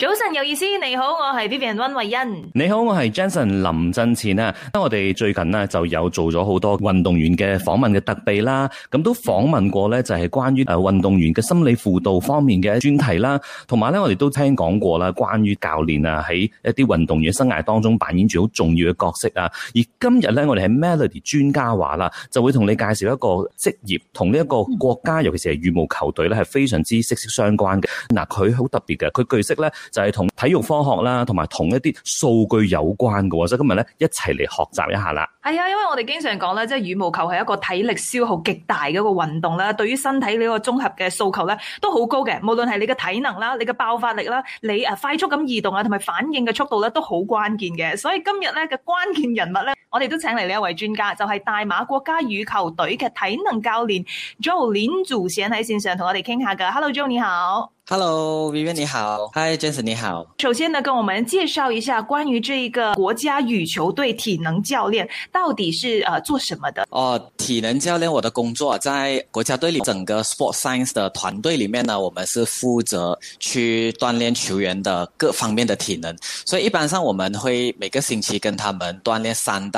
早晨有意思，你好，我係 Vivian 溫慧恩。你好，我係 Jenson 林振前啊。咁我哋最近就有做咗好多運動員嘅訪問嘅特備啦，咁都訪問過咧就係關於誒運動員嘅心理輔導方面嘅專題啦，同埋咧我哋都聽講過啦，關於教練啊喺一啲運動員生涯當中扮演住好重要嘅角色啊。而今日咧我哋喺 Melody 專家話啦，就會同你介紹一個職業同呢一個國家，尤其是係羽毛球隊咧係非常之息息相關嘅。嗱，佢好特別嘅，佢據悉咧。就係同體育科學啦，同埋同一啲數據有關嘅，所以今日咧一齊嚟學習一下啦。係啊，因為我哋經常講咧，即係羽毛球係一個體力消耗極大嘅一個運動啦，對於身體呢個綜合嘅訴求咧都好高嘅。無論係你嘅體能啦，你嘅爆發力啦，你誒快速咁移動啊，同埋反應嘅速度咧都好關鍵嘅。所以今日咧嘅關鍵人物咧。我哋都請嚟呢一位專家，就係、是、大馬國家羽球隊嘅體能教練 Joe 林祖賢先生喺線上同我哋傾下噶。Hello，Joe 你好。Hello，Vivian 你好。Hi，Jason 你好。首先呢，跟我們介紹一下關於這一個國家羽球隊體能教練到底是呃做什麼的。哦、呃，體能教練，我的工作在國家隊裡，整個 Sport Science 的團隊裡面呢，我們是負責去鍛煉球員的各方面的體能，所以一般上我們會每個星期跟他們鍛煉三大。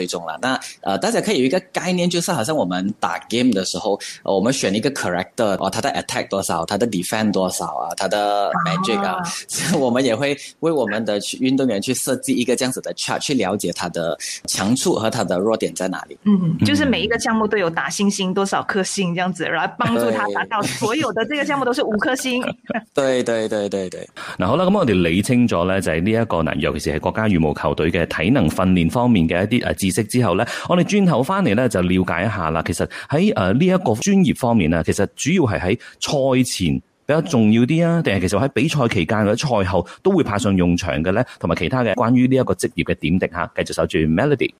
最終啦，那，呃，大家可以有一個概念，就是好像我們打 game 的時候、呃，我們選一個 character，哦，他的 attack 多少，他的 defend 多少啊，他的 magic 啊，啊我們也會為我們的運動員去設計一個這樣子的 chart，去了解他的強處和他的弱點在哪裡。嗯，就是每一個項目都有打星星，多少顆星這樣子，來幫助他達到所有的這個項目都是五顆星。對對對對對，那好啦，咁我哋理清楚咧，就係、是、呢一個，嗱，尤其是係國家羽毛球隊嘅體能訓練方面嘅一啲誒，知。之後咧，我哋轉頭翻嚟咧，就了解一下啦。其實喺誒呢一個專業方面啊，其實主要係喺賽前，比較重要啲啊，定係其實喺比賽期間或者賽後都會派上用場嘅咧，同埋其他嘅關於呢一個職業嘅點滴吓，繼續守住 Melody。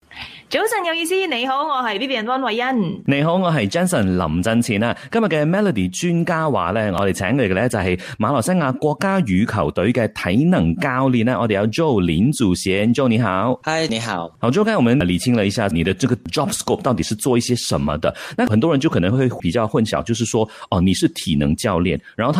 早晨，有意思，你好，我係 Vivian 溫惠恩。你好，我係 Jenson 林振前啊。今日嘅 Melody 專家話咧，我哋請嚟嘅咧就係馬來西亞國家羽球隊嘅體能教練呢，我哋有 Jo 林祖賢 Jo 你好，嗨，你好。好 Jo，今日我們理清了一下你的這個 job scope 到底是做一些什麼的。那很多人就可能會比較混淆，就是說哦，你是體能教練，然後他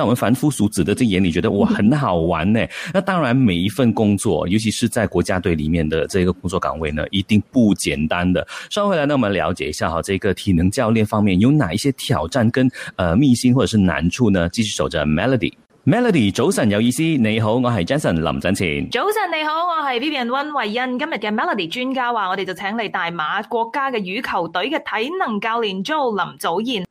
在我們凡夫俗子的這眼裏，覺得哇很好玩呢，欸。那當然，每一份工作，尤其是在國家隊裏面的這個工作崗位呢，一定不簡單的。稍後回來，那我們了解一下哈，這個體能教練方面有哪一些挑戰跟呃祕辛或者是難處呢？繼續守着 Melody，Melody，Mel 早晨，有意思，你好，我係 Jason 林振前。早晨你好，我係 Vivian 溫慧恩。今日嘅 Melody 專家話，我哋就請嚟大馬國家嘅羽球隊嘅體能教練 Jo 林祖賢。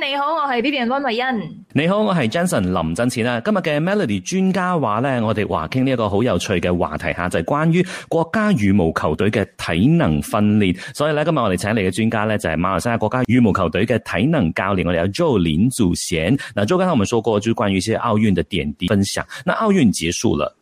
你好，我係 Bibian 溫慧欣。你好，我係 Jenson 林振錢啦。今日嘅 Melody 專家話呢，我哋話傾呢一個好有趣嘅話題吓，就係、是、關於國家羽毛球隊嘅體能訓練。所以呢，今日我哋請嚟嘅專家呢就係、是、馬來西亞國家羽毛球隊嘅體能教練，我哋有 Jo 林祖賢。那 Jo 剛才我們說過，就關於一些奧運的點滴分享。那奧運結束了。